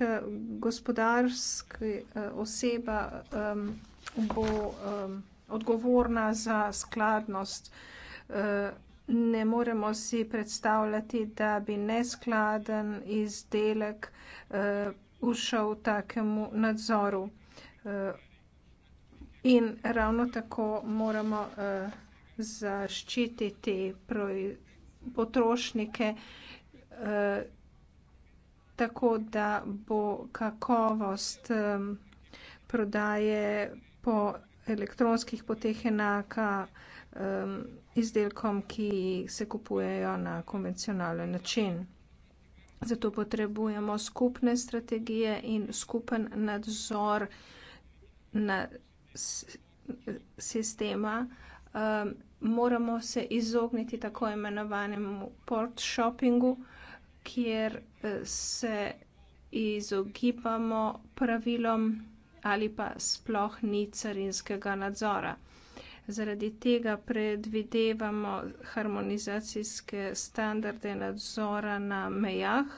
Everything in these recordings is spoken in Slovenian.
Eh, gospodarska eh, oseba um, bo um, odgovorna za skladnost. Eh, ne moremo si predstavljati, da bi neskladen izdelek ušel takemu nadzoru. In ravno tako moramo zaščititi potrošnike tako da bo kakovost um, prodaje po elektronskih poteh enaka um, izdelkom, ki se kupujejo na konvencionalen način. Zato potrebujemo skupne strategije in skupen nadzor na sistema. Um, moramo se izogniti tako imenovanemu port shoppingu, uh, kjer eh, se izogibamo pravilom ali pa sploh ni carinskega nadzora. Zaradi tega predvidevamo harmonizacijske standarde nadzora na mejah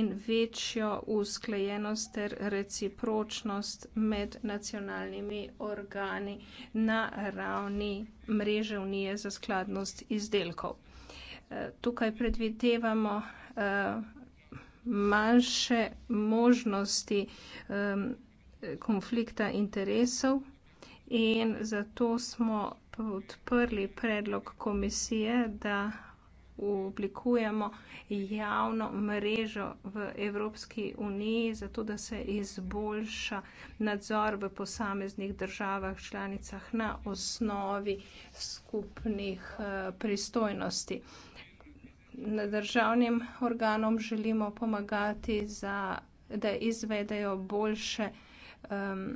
in večjo usklajenost ter recipročnost med nacionalnimi organi na ravni mreže Unije za skladnost izdelkov tukaj predvidevamo eh, manjše možnosti eh, konflikta interesov in zato smo podprli predlog komisije, da oblikujemo javno mrežo v Evropski uniji, zato da se izboljša nadzor v posameznih državah članicah na osnovi skupnih eh, pristojnosti. Na državnim organom želimo pomagati, za, da izvedejo boljše um,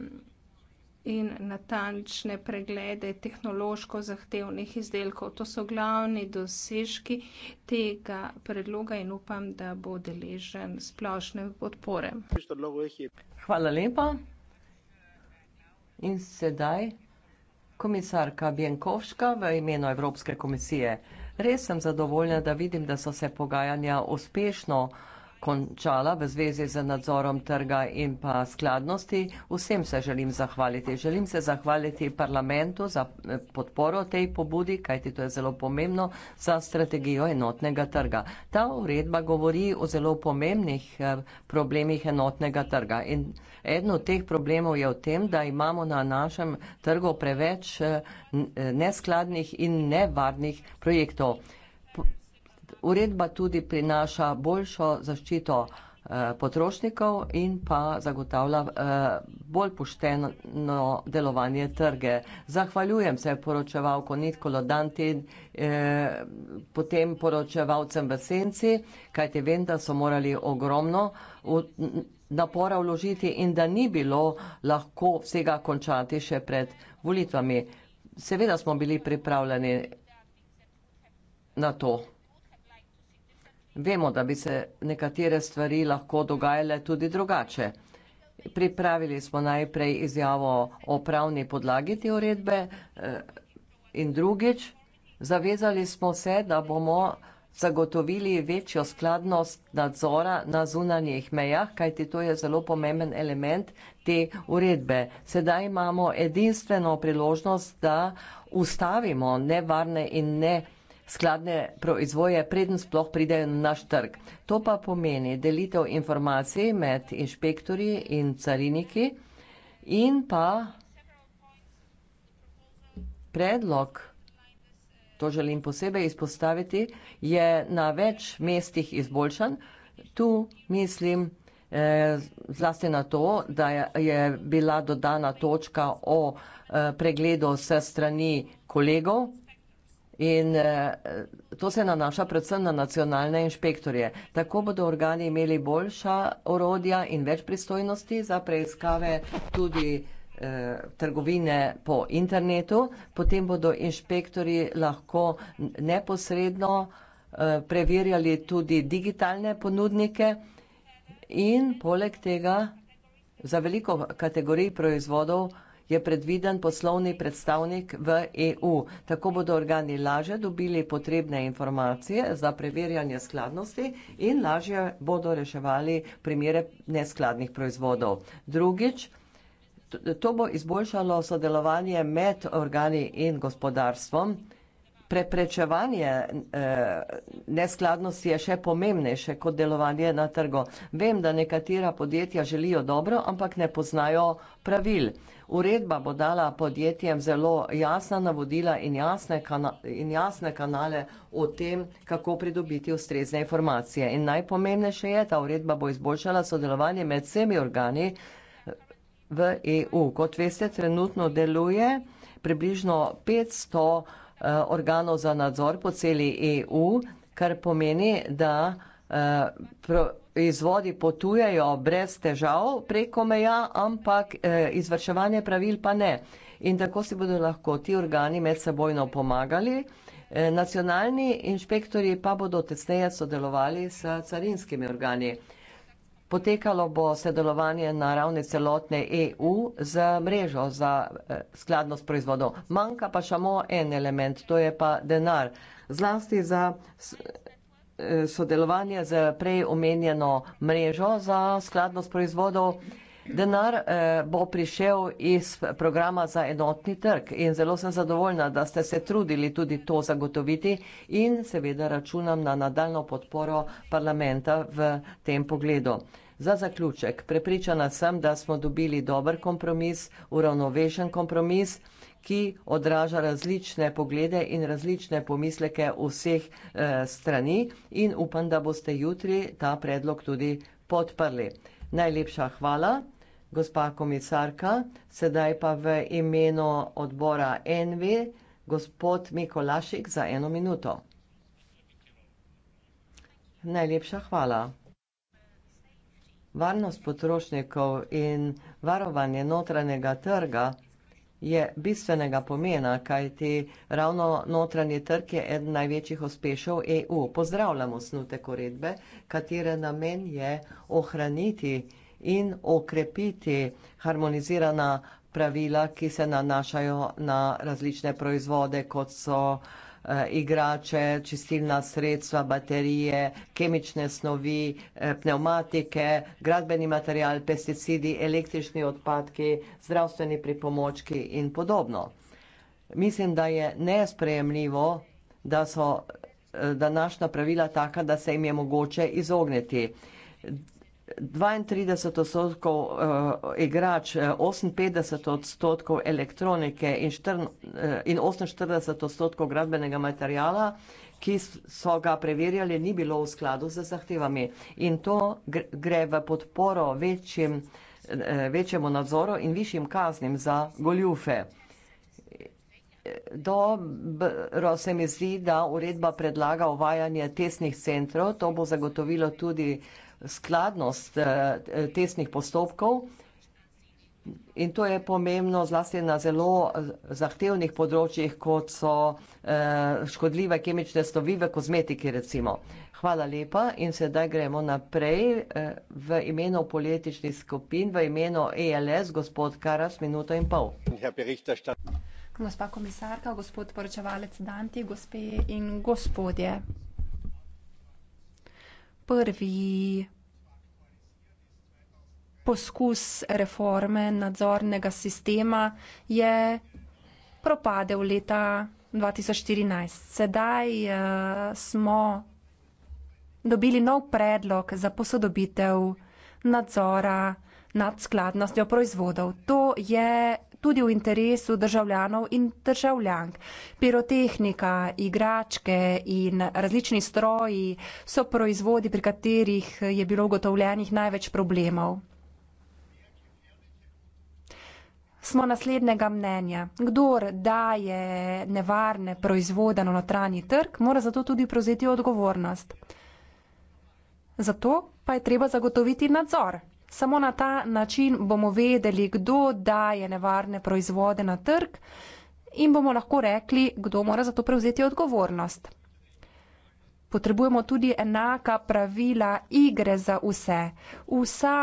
in natančne preglede tehnološko zahtevnih izdelkov. To so glavni dosežki tega predloga in upam, da bo deležen splošne podpore. Hvala lepa. In sedaj komisarka Bjenkovška v imenu Evropske komisije. Res sem zadovoljna, da vidim, da so se pogajanja uspešno končala v zvezi z nadzorom trga in pa skladnosti. Vsem se želim zahvaliti. Želim se zahvaliti parlamentu za eh, podporo tej pobudi, kajti to je zelo pomembno za strategijo enotnega trga. Ta uredba govori o zelo pomembnih eh, problemih enotnega trga. In eno od teh problemov je v tem, da imamo na našem trgu preveč eh, neskladnih in nevarnih projektov. Uredba tudi prinaša boljšo zaščito eh, potrošnikov in pa zagotavlja eh, bolj pošteno delovanje trge. Zahvaljujem se poročevalko Nitko Lodanti, eh, potem poročevalcem v Senci, kajte vem, da so morali ogromno napora vložiti in da ni bilo lahko vsega končati še pred volitvami. Seveda smo bili pripravljeni na to. Vemo, da bi se nekatere stvari lahko dogajale tudi drugače. Pripravili smo najprej izjavo o pravni podlagi te uredbe eh, in drugič zavezali smo se, da bomo zagotovili večjo skladnost nadzora na zunanjih mejah, kajti to je zelo pomemben element te uredbe. Sedaj imamo edinstveno priložnost, da ustavimo nevarne in ne nevarne skladne proizvoje, preden sploh pridejo na naš trg. To pa pomeni delitev informacij med inšpektori in cariniki in pa predlog, to želim posebej izpostaviti, je na več mestih izboljšan. Tu mislim eh, zlasti na to, da je bila dodana točka o eh, pregledu vse strani kolegov, In eh, to se nanaša predvsem na nacionalne inšpektorje. Tako bodo organi imeli boljša orodja in več pristojnosti za preiskave tudi eh, trgovine po internetu. Potem bodo inšpektori lahko neposredno eh, preverjali tudi digitalne ponudnike in poleg tega za veliko kategorij proizvodov eh, je predviden poslovni predstavnik v EU. Tako bodo organi laže dobili potrebne informacije za preverjanje skladnosti in laže bodo reševali primere neskladnih proizvodov. Drugič, to bo izboljšalo sodelovanje med organi in gospodarstvom. Preprečevanje eh, neskladnosti je še pomembnejše kot delovanje na trgu. Vem, da nekatera podjetja želijo dobro, ampak ne poznajo pravil. Uredba bo dala podjetjem zelo jasna navodila in jasne, kana in jasne kanale o tem, kako pridobiti ustrezne informacije. In najpomembnejše je, da uredba bo izboljšala sodelovanje med vsemi organi v EU. Kot veste, trenutno deluje približno 500 uh, eh, organov za nadzor po celi EU, kar pomeni, da uh, izvodi potujejo brez težav preko meja, ampak eh, izvrševanje pravil pa ne. In tako si bodo lahko ti organi medsebojno pomagali. Eh, nacionalni inšpektori pa bodo tesneje sodelovali s carinskimi organi. Potekalo bo sodelovanje na ravni celotne EU z mrežo za eh, skladnost proizvodov. Manjka pa samo en element, to je pa denar. Zlasti za Eh, sodelovanje z prej omenjeno mrežo za skladnost proizvodov. Denar eh, bo prišel iz programa za enotni trg in zelo sem zadovoljna, da ste se trudili tudi to zagotoviti in seveda računam na nadaljno podporo parlamenta v tem pogledu. Za zaključek, prepričana sem, da smo dobili dober kompromis, uravnovešen kompromis ki odraža različne poglede in različne pomisleke vseh e, strani in upam, da boste jutri ta predlog tudi podprli. Najlepša hvala, gospa komisarka, sedaj pa v imenu odbora NV, gospod Mikolašik za eno minuto. Najlepša hvala. Varnost potrošnikov in varovanje notranjega trga je bistvenega pomena, kajti ravno notranji trg je eden največjih uspešov EU. Pozdravljamo snutek uredbe, katere namen je ohraniti in okrepiti harmonizirana pravila, ki se nanašajo na različne proizvode, kot so Eh, igrače, čistilna sredstva, baterije, kemične snovi, eh, pneumatike, gradbeni material, pesticidi, električni odpadki, zdravstveni pripomočki in podobno. Mislim, da je nesprejemljivo, da so eh, današnja pravila taka, da se jim je mogoče izogniti. 32 odstotkov uh, igrač, 58 eh, odstotkov elektronike in, štr, uh, eh, in 48 odstotkov gradbenega materijala, ki so ga preverjali, ni bilo v skladu z zahtevami. In to gre v podporo večjim, uh, večjemu nadzoru in višjim kaznim za goljufe. Dobro se mi zdi, da uredba predlaga uvajanje tesnih centrov. To bo zagotovilo tudi uh, skladnost eh, testnih postopkov in to je pomembno zlasti na zelo eh, zahtevnih področjih, kot so eh, škodljive kemične stovi v kozmetiki recimo. Hvala lepa in sedaj gremo naprej v imeno političnih skupin, v imeno ELS, gospod Karas, minuto in pol. Gospa komisarka, gospod poročevalec Danti, gospe in gospodje prvi poskus reforme nadzornega sistema je propadel leta 2014. Sedaj uh, smo dobili nov predlog za posodobitev nadzora nad skladnostjo proizvodov. To je tudi v interesu državljanov in državljank. Pirotehnika, igračke in različni stroji so proizvodi, pri katerih je bilo ugotovljenih največ problemov. Smo naslednjega mnenja. Kdor daje nevarne proizvode na notranji trg, mora zato tudi prevzeti odgovornost. Zato pa je treba zagotoviti nadzor. Samo na ta način bomo vedeli, kdo daje nevarne proizvode na trg in bomo lahko rekli, kdo mora za to prevzeti odgovornost. Potrebujemo tudi enaka pravila igre za vse. Vsa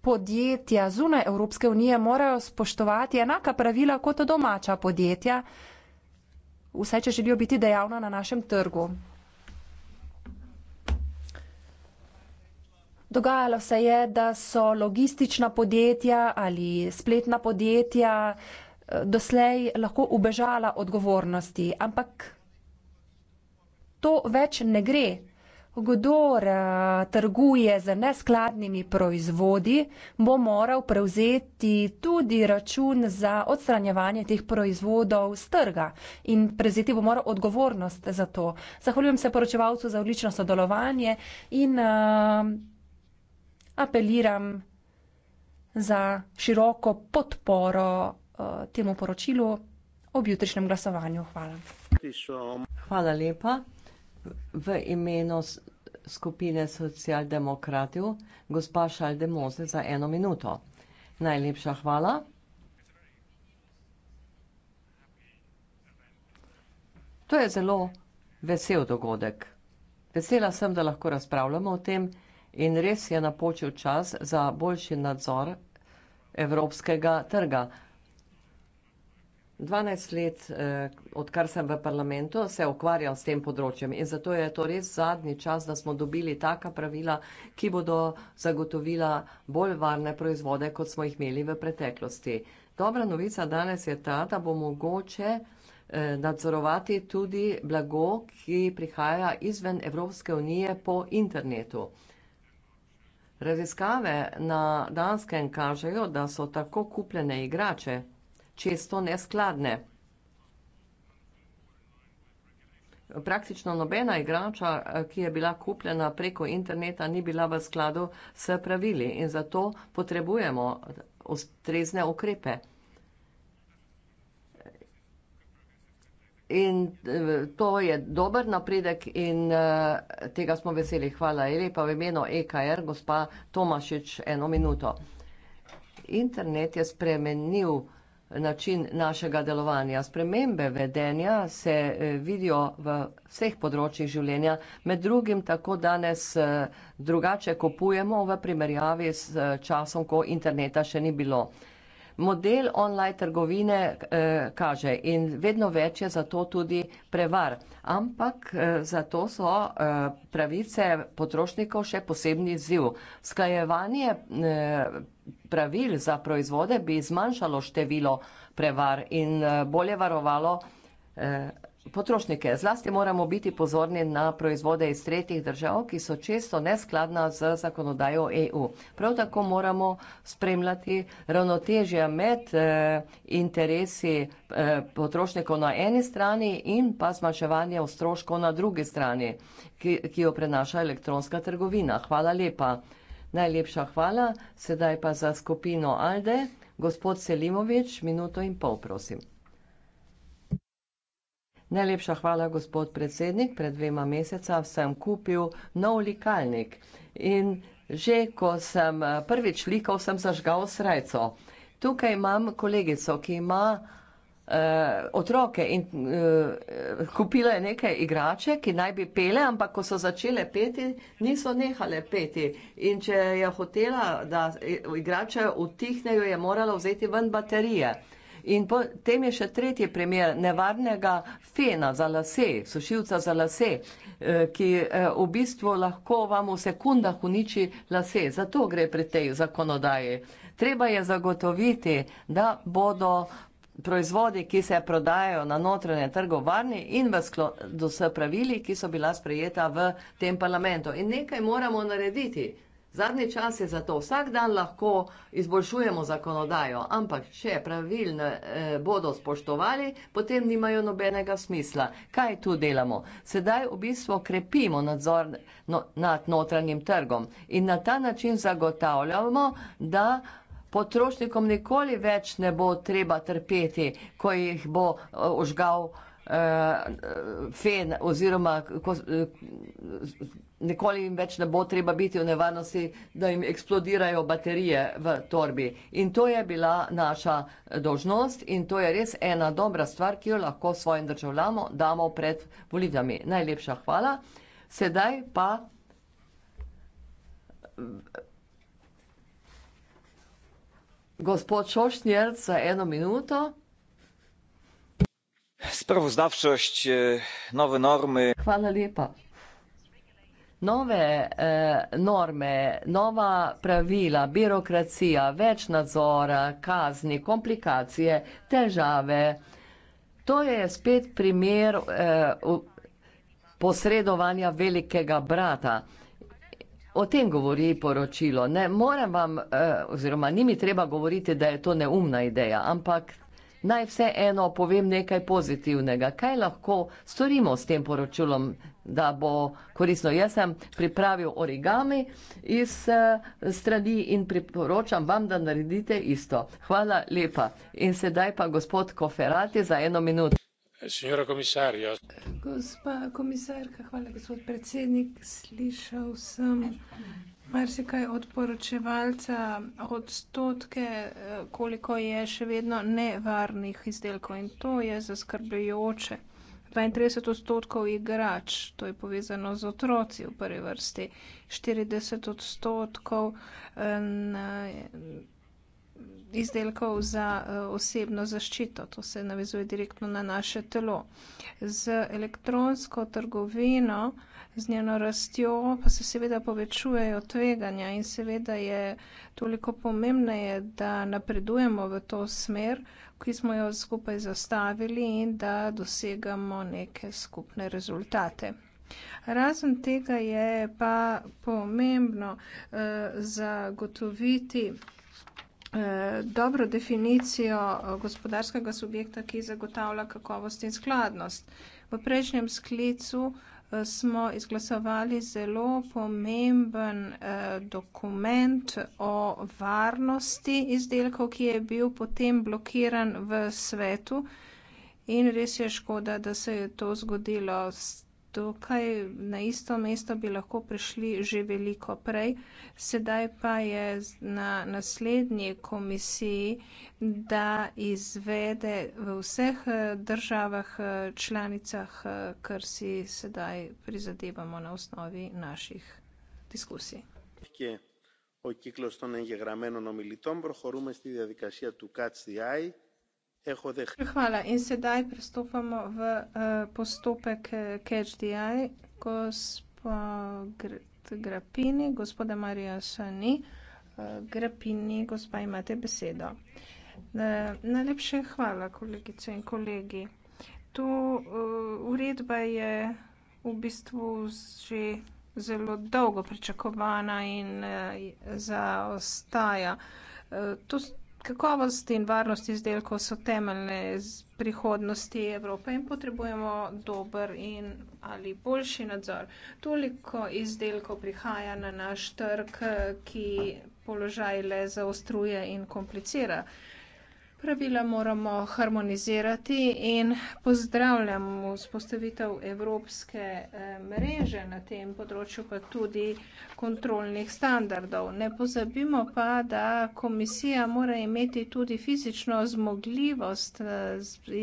podjetja zunaj Evropske unije morajo spoštovati enaka pravila kot domača podjetja, vse če želijo biti dejavna na našem trgu. Dogajalo se je, da so logistična podjetja ali spletna podjetja eh, doslej lahko ubežala odgovornosti, ampak to več ne gre. Kdor eh, trguje z neskladnimi proizvodi, bo moral prevzeti tudi račun za odstranjevanje teh proizvodov z trga in prevzeti bo moral odgovornost za to. Zahvaljujem se poročevalcu za odlično sodelovanje in uh, apeliram za široko podporo eh, temu poročilu ob jutrišnjem glasovanju. Hvala. Hvala lepa. V imenu skupine socialdemokratov, gospa Šaldemoze za eno minuto. Najlepša hvala. To je zelo vesel dogodek. Vesela sem, da lahko razpravljamo o tem, in res je napočil čas za boljši nadzor evropskega trga. 12 let, eh, odkar sem v parlamentu, se ukvarjal s tem področjem in zato je to res zadnji čas, da smo dobili taka pravila, ki bodo zagotovila bolj varne proizvode, kot smo jih imeli v preteklosti. Dobra novica danes je ta, da bo mogoče eh, nadzorovati tudi blago, ki prihaja izven Evropske unije po internetu. Raziskave na Danskem kažejo, da so tako kupljene igrače često neskladne. Praktično nobena igrača, ki je bila kupljena preko interneta, ni bila v skladu s pravili in zato potrebujemo ustrezne ukrepe. In e, to je dober napredek in uh, tega smo veseli. Hvala lepa v imenu EKR, gospa Tomašič, eno minuto. Internet je spremenil način našega delovanja. Spremembe vedenja se e, vidijo v vseh področjih življenja, med drugim tako danes drugače kupujemo v primerjavi s časom, ko interneta še ni bilo. Uh, model online trgovine eh, kaže in vedno več je zato tudi prevar. Ampak eh, zato so eh, pravice potrošnikov še posebni izziv. Skajevanje eh, pravil za proizvode bi zmanjšalo število prevar in eh, bolje varovalo. Eh, potrošnike. Zlasti moramo biti pozorni na proizvode iz tretjih držav, ki so često neskladna z zakonodajo EU. Prav tako moramo spremljati ravnotežje med eh, interesi eh, potrošnikov na eni strani in pa zmanjševanje ostroškov na drugi strani, ki, ki jo prenaša elektronska trgovina. Hvala lepa. Najlepša hvala. Sedaj pa za skupino Alde. Gospod Selimovič, minuto in pol, prosim. Najlepša hvala, gospod predsednik. Pred dvema meseca sem kupil nov likalnik in že ko sem eh, prvič likal, sem zažgal srajco. Tukaj imam kolegico, ki ima Uh, otroke in uh, kupila je nekaj igrače, ki naj bi pele, ampak ko so začele peti, niso nehale peti. In če je hotela, da igrače utihnejo, je morala vzeti ven baterije. Uh, In potem je še tretji primer nevarnega fena za lase, sušilca za lase, eh, ki eh, v bistvu lahko vam v sekundah uniči lase. Zato gre pri tej zakonodaji. Treba je zagotoviti, da bodo proizvodi, ki se prodajajo na notranje trgo varni in v skladu s pravili, ki so bila sprejeta v tem parlamentu. In nekaj moramo narediti. Zadnji čas je zato, vsak dan lahko izboljšujemo zakonodajo, ampak če pravilno eh, bodo spoštovali, potem nimajo nobenega smisla. Kaj tu delamo? Sedaj v bistvu krepimo nadzor no, nad notranjim trgom in na ta način zagotavljamo, da potrošnikom nikoli več ne bo treba trpeti, ko jih bo eh, ožgal eh, eh, fen oziroma. Ko, eh, nikoli jim več ne bo treba biti v nevarnosti, da jim eksplodirajo baterije v torbi. In to je bila naša eh, dožnost in to je res ena dobra stvar, ki jo lahko svojim državljamo damo pred volitvami. Najlepša hvala. Sedaj pa. Eh, gospod Šošnjer, za eno minuto. Sprawozdawczość, eh, nowe normy. Chwała lepa nove eh, norme, nova pravila, birokracija, več nadzora, kazni, komplikacije, težave. To je spet primer eh, posredovanja velikega brata. O tem govori poročilo. Ne, moram vam, eh, oziroma ni mi treba govoriti, da je to neumna ideja, ampak Naj vse eno povem nekaj pozitivnega. Kaj lahko storimo s tem poročilom, da bo korisno? Jaz sem pripravil origami iz eh, strani in priporočam vam, da naredite isto. Hvala lepa. In sedaj pa gospod Koferati za eno minuto. Signora komisarja. Gospa komisarka, hvala gospod predsednik. Slišal sem marsikaj od poročevalca, odstotke, eh, koliko je še vedno nevarnih izdelkov in to je zaskrbljujoče. 32 odstotkov igrač, to je povezano z otroci v prvi vrsti, 40 odstotkov um, izdelkov za uh, osebno zaščito, to se navezuje direktno na naše telo. Z elektronsko trgovino uh, z njeno rastjo, pa se seveda povečujejo tveganja in seveda je toliko pomembneje, da napredujemo v to smer, ki smo jo skupaj zastavili in da dosegamo neke skupne rezultate. Razen tega je pa pomembno eh, zagotoviti eh, dobro definicijo eh, gospodarskega subjekta, ki zagotavlja kakovost in skladnost. V prejšnjem sklicu eh, smo izglasovali zelo pomemben eh, dokument o varnosti izdelkov, ki je bil potem blokiran v svetu. In res je škoda, da se je to zgodilo s tukaj na isto mesto bi lahko prišli že veliko prej. Sedaj pa je na naslednji komisiji, da izvede v vseh eh, državah eh, članicah, eh, kar si sedaj prizadevamo na osnovi naših diskusij. O ciclo sto negramenon omilitom, prohorume sti diadikasia tu CATS-DI, Hvala. In sedaj pristopamo v uh, postopek KHDI, eh, gospa Grapini, gospoda Marija Sani. Uh, eh, Grapini, gospa, imate besedo. Uh, najlepše hvala, kolegice in kolegi. To uh, uredba je v bistvu že zelo dolgo pričakovana in uh, zaostaja. Uh, Kakovost in varnost izdelkov so temeljne prihodnosti Evrope in potrebujemo dober in ali boljši nadzor. Toliko izdelkov prihaja na naš trg, ki položaj le zaostruje in komplicira. Uh, pravila moramo harmonizirati in pozdravljam vzpostavitev evropske eh, mreže na tem področju, pa tudi kontrolnih standardov. Ne pozabimo pa, da komisija mora imeti tudi fizično zmogljivost eh,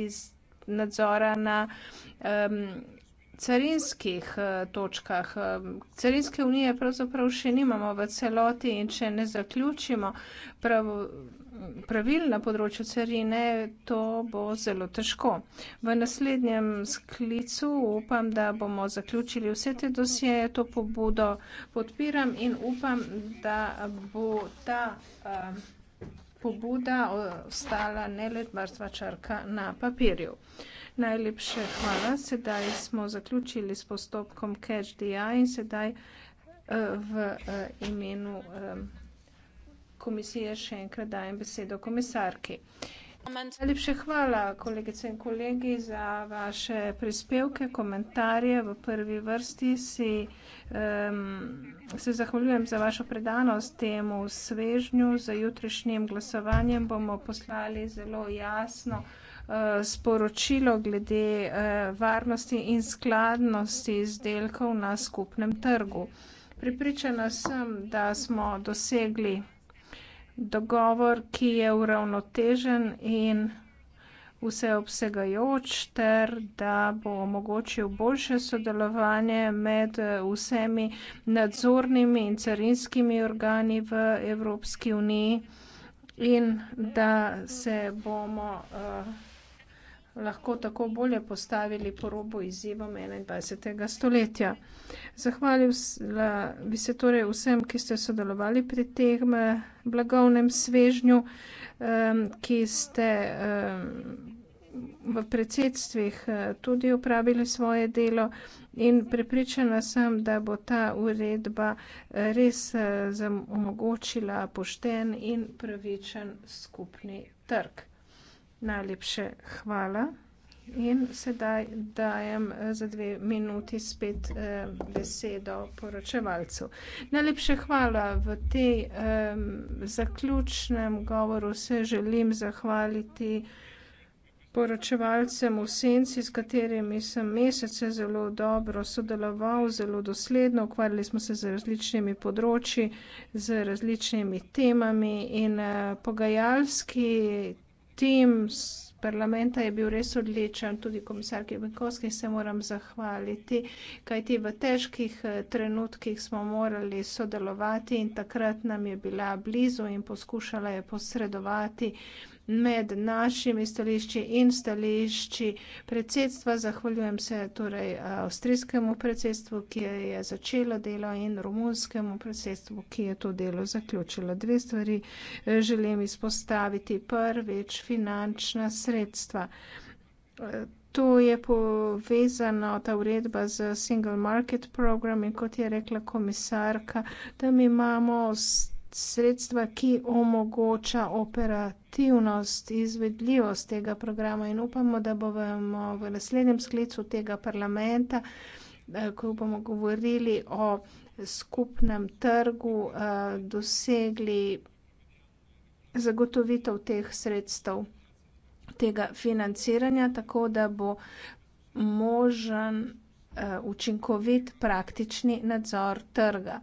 iz nadzora na um, carinskih eh, točkah. Carinske unije pravzaprav še nimamo v celoti in če ne zaključimo prav pravil na področju carine, to bo zelo težko. V naslednjem sklicu upam, da bomo zaključili vse te dosjeje, to pobudo podpiram in upam, da bo ta um, pobuda ostala ne let mrtva črka na papirju. Najlepše hvala, sedaj smo zaključili s postopkom CatchDI in sedaj uh, v uh, imenu. Um, komisije še enkrat dajem besedo komisarki. Najlepše hvala, kolegice in kolegi, za vaše prispevke, komentarje. V prvi vrsti si, um, se zahvaljujem za vašo predanost temu svežnju. Za jutrišnjim glasovanjem bomo poslali zelo jasno eh, sporočilo glede eh, varnosti in skladnosti izdelkov na skupnem trgu. Pripričana sem, da smo dosegli dogovor, ki je uravnotežen in vseobsegajoč ter da bo omogočil boljše sodelovanje med eh, vsemi nadzornimi in carinskimi organi v Evropski uniji in da se bomo uh, lahko tako bolje postavili po robu izzivom 21. stoletja. Zahvalila bi se torej vsem, ki ste sodelovali pri tem eh, blagovnem svežnju, ki ste v predsedstvih eh, tudi upravili svoje delo in prepričana sem, da bo ta uredba eh, res omogočila pošten in pravičen skupni trg. Najlepše hvala. In sedaj dajem eh, za dve minuti spet eh, besedo poročevalcu. Najlepše hvala. V tej eh, zaključnem govoru se želim zahvaliti poročevalcem v senci, s katerimi sem mesece zelo dobro sodeloval, zelo dosledno. Ukvarjali smo se z različnimi področji, z različnimi temami in eh, pogajalski tim z parlamenta je bil res odličen, tudi komisarki Benkovski se moram zahvaliti, kajti v težkih eh, trenutkih smo morali sodelovati in takrat nam je bila blizu in poskušala je posredovati med našimi stališči in stališči predsedstva. Zahvaljujem se torej eh, avstrijskemu predsedstvu, ki je začelo delo in romunskemu predsedstvu, ki je to delo zaključilo. Dve stvari eh, želim izpostaviti. Prvič, finančna sredstva. Eh, to je povezano, ta uredba z Single Market Program in kot je rekla komisarka, tam imamo sredstva, ki omogoča operativnost, izvedljivost tega programa in upamo, da bomo eh, v naslednjem sklicu tega parlamenta, eh, ko bomo govorili o skupnem trgu, eh, dosegli zagotovitev teh sredstev, tega financiranja, tako da bo možen Eh, učinkovit praktični nadzor trga.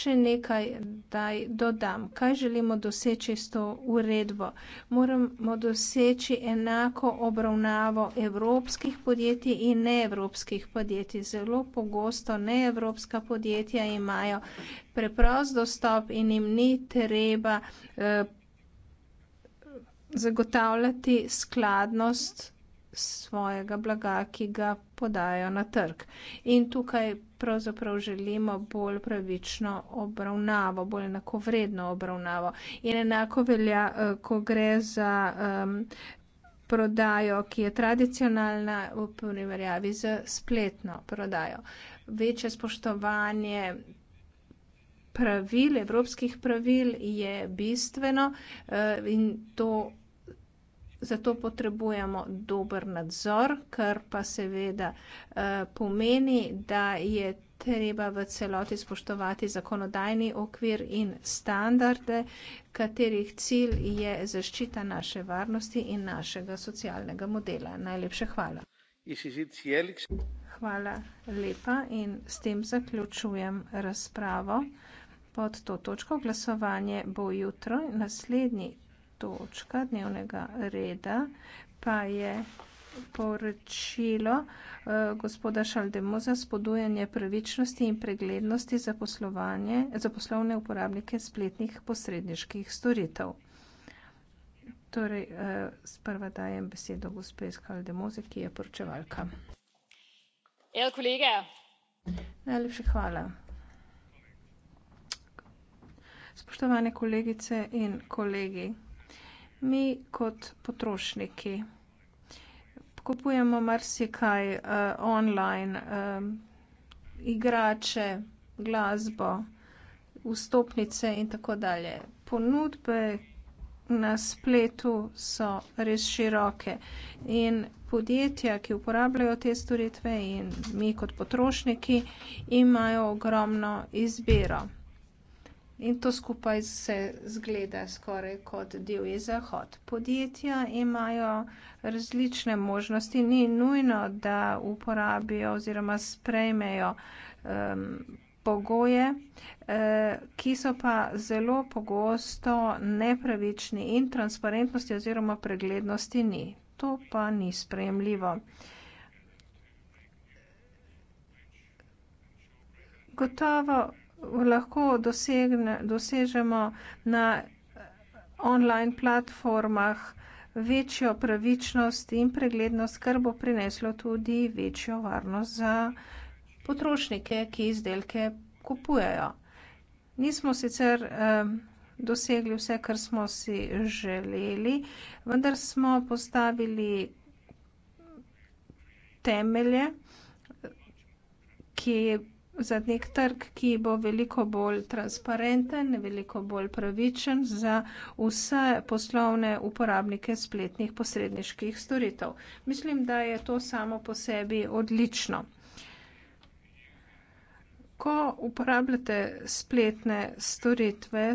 Še nekaj daj dodam. Kaj želimo doseči s to uredbo? Moramo doseči enako obravnavo evropskih podjetij in neevropskih podjetij. Zelo pogosto neevropska podjetja imajo preprost dostop in jim ni treba eh, zagotavljati skladnost svojega blaga, ki ga podajo na trg. In tukaj pravzaprav želimo bolj pravično obravnavo, bolj enakovredno obravnavo. In enako velja, eh, ko gre za um, prodajo, ki je tradicionalna v primerjavi z spletno prodajo. Večje spoštovanje. Pravil, evropskih pravil je bistveno eh, in to zato potrebujemo dober nadzor, kar pa seveda eh, pomeni, da je treba v celoti spoštovati zakonodajni okvir in standarde, katerih cilj je zaščita naše varnosti in našega socialnega modela. Najlepša hvala. Hvala lepa in s tem zaključujem razpravo. Pod to točko glasovanje bo jutro. Naslednji točka dnevnega reda pa je poročilo uh, gospoda Šaldemoza spodujanje pravičnosti in preglednosti za, za poslovne uporabnike spletnih posredniških storitev. Torej, uh, sprva dajem besedo gospe Šaldemoze, ki je poročevalka. El kolege. Najlepša hvala. Spoštovane kolegice in kolegi mi kot potrošniki. Kupujemo marsikaj uh, online, um, igrače, glasbo, vstopnice in tako dalje. Ponudbe na spletu so res široke in podjetja, ki uporabljajo te storitve in mi kot potrošniki imajo ogromno izbiro. In to skupaj se zgleda skoraj kot divji zahod. Podjetja imajo različne možnosti, ni nujno, da uporabijo oziroma sprejmejo um, pogoje, eh, ki so pa zelo pogosto nepravični in transparentnosti oziroma preglednosti ni. To pa ni sprejemljivo. Gotovo lahko dosegne, dosežemo na online platformah večjo pravičnost in preglednost, kar bo prineslo tudi večjo varnost za potrošnike, ki izdelke kupujejo. Nismo sicer eh, dosegli vse, kar smo si želeli, vendar smo postavili temelje, ki za nek trg, ki bo veliko bolj transparenten, veliko bolj pravičen za vse poslovne uporabnike spletnih posredniških storitev. Mislim, da je to samo po sebi odlično. Ko uporabljate spletne storitve,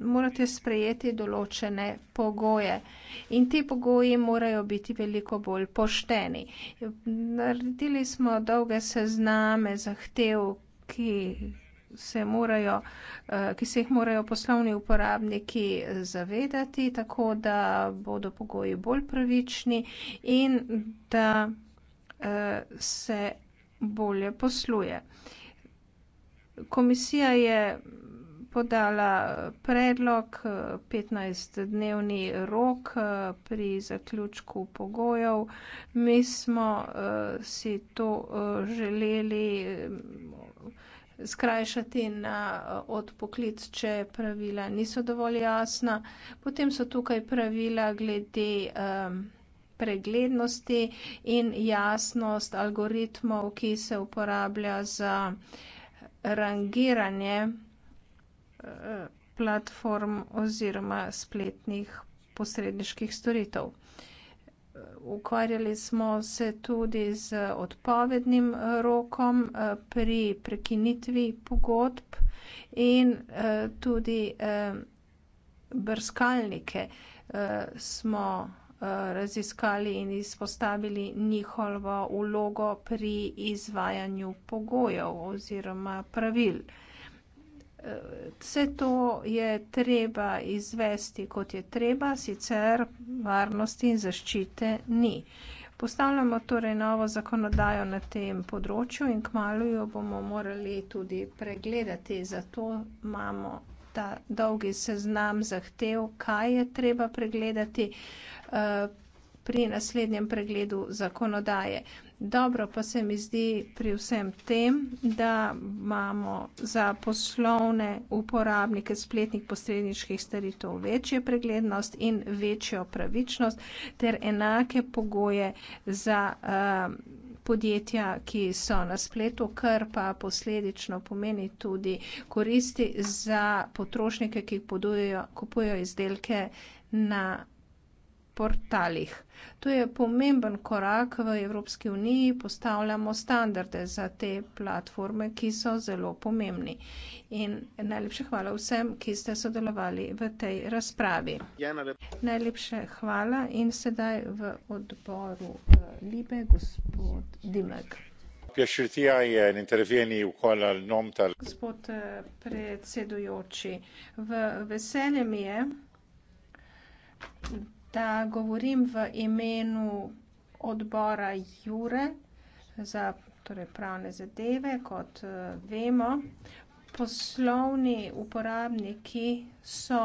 morate sprejeti določene pogoje in ti pogoji morajo biti veliko bolj pošteni. Naredili smo dolge sezname zahtev, ki se morajo, eh, ki se jih morajo poslovni uporabniki zavedati, tako da bodo pogoji bolj pravični in da eh, se bolje posluje. Komisija je podala eh, predlog, 15-dnevni eh, rok eh, pri zaključku pogojev. Mi smo si to želeli skrajšati na odpoklic, če pravila niso dovolj jasna. Potem so tukaj pravila glede preglednosti in jasnost algoritmov, ki se uporablja za rangiranje platform oziroma spletnih posredniških storitev. Ukvarjali smo se tudi z odpovednim rokom eh, pri prekinitvi pogodb in eh, tudi eh, brskalnike smo raziskali in izpostavili njihovo ulogo pri izvajanju pogojev oziroma pravil. Vse to je treba izvesti, kot je treba, sicer varnosti in zaščite ni. Postavljamo torej novo zakonodajo na tem področju in kmalo jo bomo morali tudi pregledati. Zato imamo ta dolgi seznam zahtev, kaj je treba pregledati eh, pri naslednjem pregledu zakonodaje. Dobro pa se mi zdi pri vsem tem, da imamo za poslovne uporabnike spletnih posredniških storitev večjo preglednost in večjo pravičnost ter enake pogoje za um, podjetja, ki so na spletu, kar pa posledično pomeni tudi koristi za potrošnike, ki podujo, kupujo izdelke na spletu portalih. To je pomemben korak v Evropski uniji, postavljamo standarde za te platforme, ki so zelo pomembni. In najlepše hvala vsem, ki ste sodelovali v tej razpravi. Ja, najlep. Najlepše hvala in sedaj v odboru eh, Libe, gospod Dimek. Gospod eh, predsedujoči, v veselje mi je, da govorim v imenu odbora Jure za torej pravne zadeve, kot eh, vemo. Poslovni uporabniki so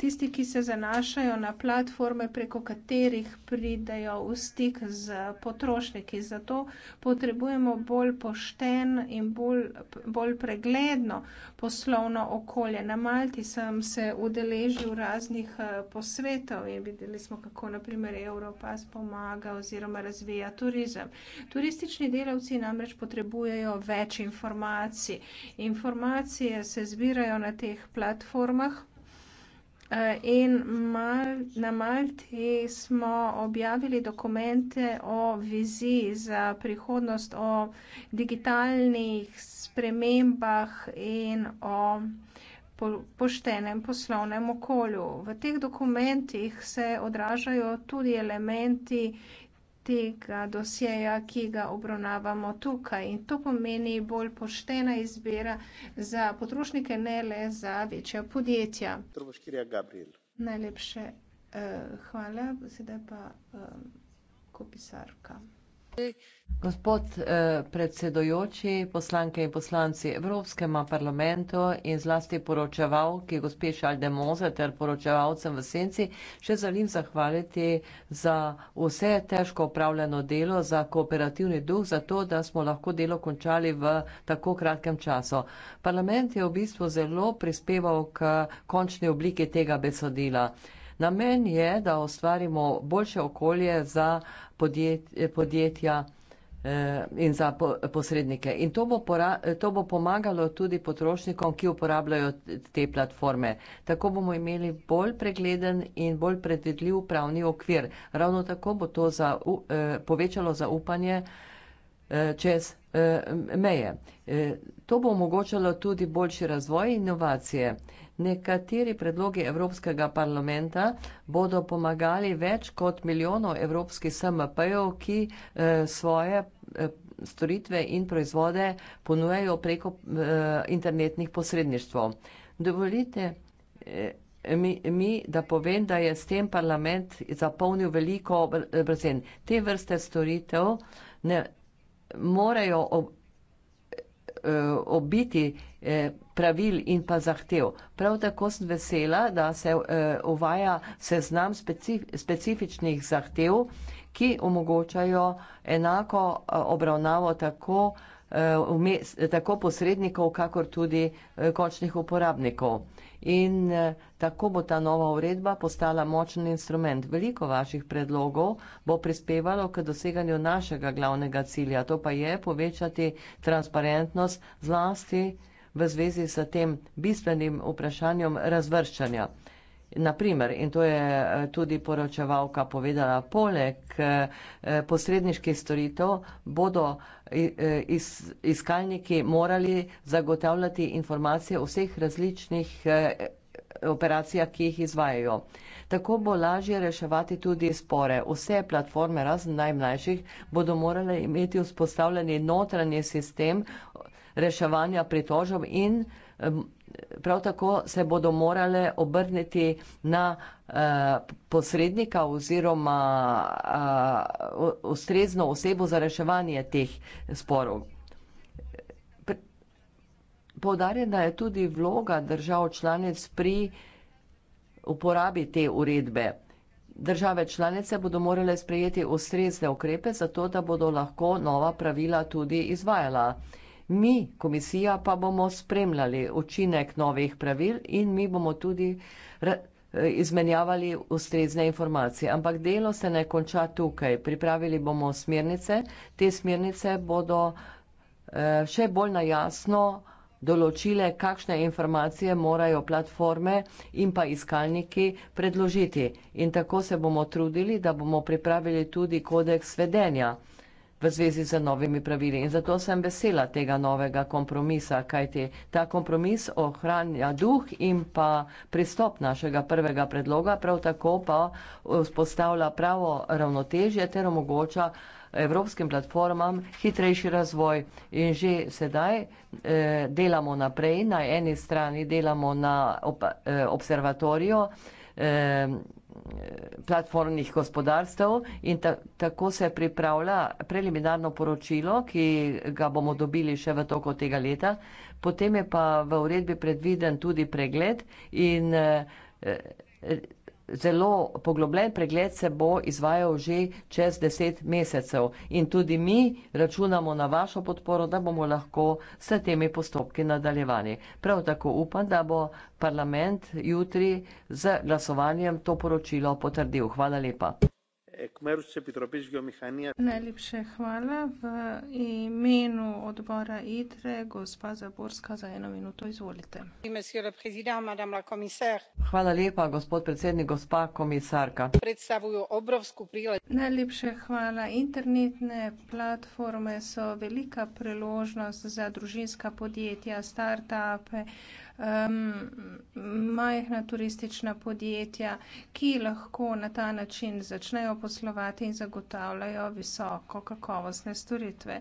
tisti, ki se zanašajo na platforme, preko katerih pridejo v stik z potrošniki. Zato potrebujemo bolj pošten in bolj, bolj pregledno poslovno okolje. Na Malti sem se udeležil raznih eh, posvetov in videli smo, kako naprimer Evropas pomaga oziroma razvija turizem. Turistični delavci namreč potrebujejo več informacij. Informacije se zbirajo na teh platformah. Eh, in mal, na Malti smo objavili dokumente o viziji za prihodnost, o digitalnih spremembah in o poštenem poslovnem okolju. V teh dokumentih se odražajo tudi elementi tega dosjeja, ki ga obravnavamo tukaj. In to pomeni bolj poštena izbira za potrošnike, ne le za večja podjetja. Najlepše eh, hvala, sedaj pa eh, kopisarka. Gospod eh, predsedujoči, poslanke in poslanci Evropskem parlamentu in zlasti poročevalki gospe Šaldemoze ter poročevalcem v senci, še želim zahvaliti za vse težko upravljeno delo, za kooperativni duh, za to, da smo lahko delo končali v tako kratkem času. Parlament je v bistvu zelo prispeval k končni obliki tega besedila. Namen je, da ustvarimo boljše okolje za podjet, podjetja eh, in za posrednike. In to bo, pora, to bo pomagalo tudi potrošnikom, ki uporabljajo te platforme. Tako bomo imeli bolj pregleden in bolj predvidljiv pravni okvir. Ravno tako bo to za, eh, povečalo zaupanje eh, čez meje. To bo omogočalo tudi boljši razvoj inovacije. Nekateri predlogi Evropskega parlamenta bodo pomagali več kot milijonov evropskih SMP-jev, ki e, svoje e, storitve in proizvode ponujajo preko e, internetnih posredništvo. Dovolite e, mi, mi, da povem, da je s tem parlament zapolnil veliko brzen. Te vrste storitev ne morejo ob, e, obiti Eh, pravil in pa zahtev. Prav tako sem vesela, da se eh, uvaja seznam specifičnih zahtev, ki omogočajo enako eh, obravnavo tako, tako posrednikov, kakor tudi končnih uporabnikov. In tako bo ta nova uredba postala močen instrument. Veliko vaših predlogov bo prispevalo k doseganju našega glavnega cilja, to pa je povečati transparentnost zlasti v zvezi s tem bistvenim vprašanjem razvrščanja. Naprimer, in to je eh, tudi poročevalka povedala, poleg eh, posredniških storitev bodo eh, is, iskalniki morali zagotavljati informacije o vseh različnih operacijah, ki jih izvajajo. Tako bo lažje reševati tudi spore. Vse platforme, razen najmlajših, bodo morali imeti vzpostavljeni notranji sistem reševanja pritožov in prav tako se bodo morale obrniti na eh, posrednika oziroma eh, ustrezno osebo za reševanje teh sporov. Poudarjena je tudi vloga držav članic pri uporabi te uredbe. Države članice bodo morale sprejeti ustrezne ukrepe, zato da bodo lahko nova pravila tudi izvajala. Mi, komisija, pa bomo spremljali učinek novih pravil in mi bomo tudi izmenjavali ustrezne informacije. Ampak delo se ne konča tukaj. Pripravili bomo smernice. Te smernice bodo eh, še bolj najasno določile, kakšne informacije morajo platforme in pa iskalniki predložiti. In tako se bomo trudili, da bomo pripravili tudi kodeks vedenja v zvezi z novimi pravili. In zato sem vesela tega novega kompromisa, kajti ta kompromis ohranja duh in pa pristop našega prvega predloga, prav tako pa vzpostavlja pravo ravnotežje ter omogoča evropskim platformam hitrejši razvoj. In že sedaj eh, delamo naprej, na eni strani delamo na ob, eh, observatorijo, eh, platformnih gospodarstev in ta, tako se pripravlja preliminarno poročilo, ki ga bomo dobili še v toku tega leta. Potem je pa v uredbi predviden tudi pregled in eh, Zelo poglobljen pregled se bo izvajal že čez deset mesecev in tudi mi računamo na vašo podporo, da bomo lahko s temi postopki nadaljevali. Prav tako upam, da bo parlament jutri z glasovanjem to poročilo potrdil. Hvala lepa. Kmerovce Pitropič Geomehanija. Najlepše hvala v imenu odbora ITRE, gospa Zaborska, za eno minuto izvolite. Hvala lepa, gospod predsednik, gospa komisarka. Najlepše hvala. Internetne platforme so velika priložnost za družinska podjetja, start-upe, -e, um, majhna turistična podjetja, ki lahko na ta način začnejo poslovati in zagotavljajo visoko kakovostne storitve.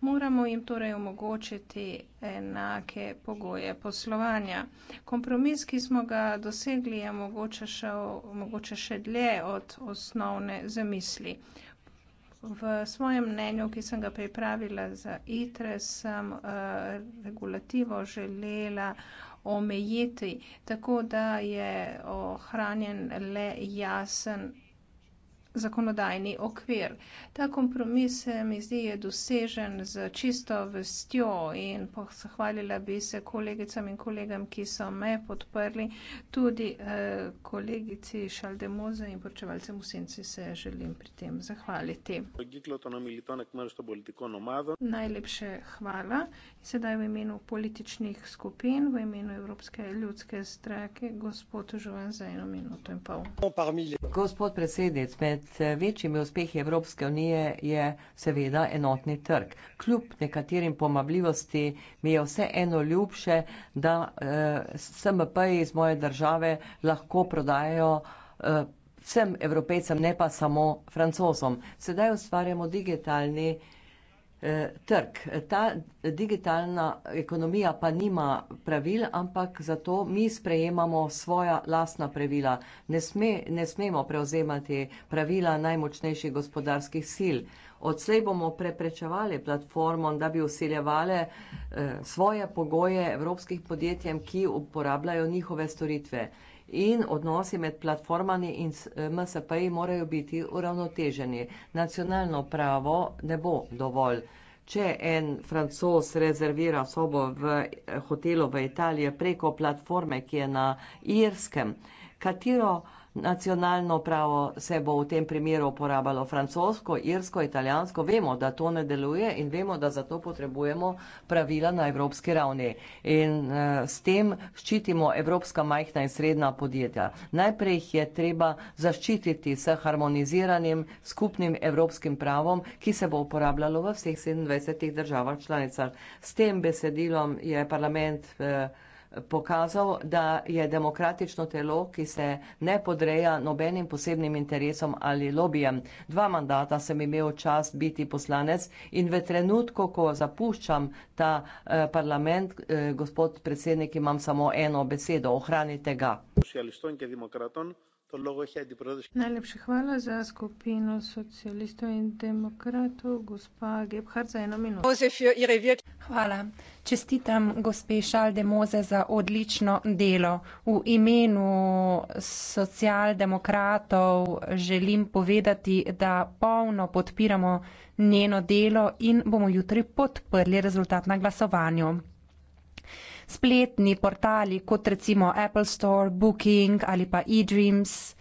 Moramo jim torej omogočiti enake pogoje poslovanja. Kompromis, ki smo ga dosegli, je mogoče še, mogoče še dlje od osnovne zamisli. V svojem mnenju, ki sem ga pripravila za ITRE, sem uh, regulativo želela omejitvi, tako da je ohranjen le jasen zakonodajni okvir. Ta kompromis se mi zdi je dosežen z čisto vestjo in pohvalila bi se kolegicam in kolegam, ki so me podprli, tudi eh, kolegici Šaldemoze in poročevalcem v senci se želim pri tem zahvaliti. Najlepše hvala. Sedaj v imenu političnih skupin, v imenu Evropske ljudske strake, gospod Žuvan za eno minuto in pol. Gospod predsednik, med Med večjimi uspehi Evropske unije je seveda enotni trg. Kljub nekaterim pomabljivosti mi je vse eno ljubše, da eh, SMP iz moje države lahko prodajajo eh, vsem evropejcem, ne pa samo francozom. Sedaj ustvarjamo digitalni trg. Eh, trg. Ta digitalna ekonomija pa nima pravil, ampak zato mi sprejemamo svoja lasna pravila. Ne, sme, ne smemo prevzemati pravila najmočnejših gospodarskih sil. Odslej bomo preprečevali platformom, da bi usiljevali eh, svoje pogoje evropskih podjetjem, ki uporabljajo njihove storitve in odnosi med platformami in eh, MSP-ji morajo biti uravnoteženi. Nacionalno pravo ne bo dovolj. Če en francos rezervira sobo v eh, hotelu v Italiji preko platforme, ki je na Irskem, katero nacionalno pravo se bo v tem primeru uporabljalo francosko, irsko, italijansko. Vemo, da to ne deluje in vemo, da zato potrebujemo pravila na evropski ravni. In uh, s tem ščitimo evropska majhna in srednja podjetja. Najprej jih je treba zaščititi s harmoniziranim skupnim evropskim pravom, ki se bo uporabljalo v vseh 27 državah članicah. S tem besedilom je parlament. Uh, pokazal, da je demokratično telo, ki se ne podreja nobenim posebnim interesom ali lobijem. Dva mandata sem imel čas biti poslanec in v trenutku, ko zapuščam ta eh, parlament, eh, gospod predsednik, imam samo eno besedo. Ohranite ga. Najlepša hvala za skupino socialistov in demokratov, gospa Gebhardt, za eno minuto. Hvala. Čestitam gospe Šalde Moze za odlično delo. V imenu socialdemokratov želim povedati, da polno podpiramo njeno delo in bomo jutri podprli rezultat na glasovanju spletni portali, kot recimo Apple Store, Booking ali pa eDreams,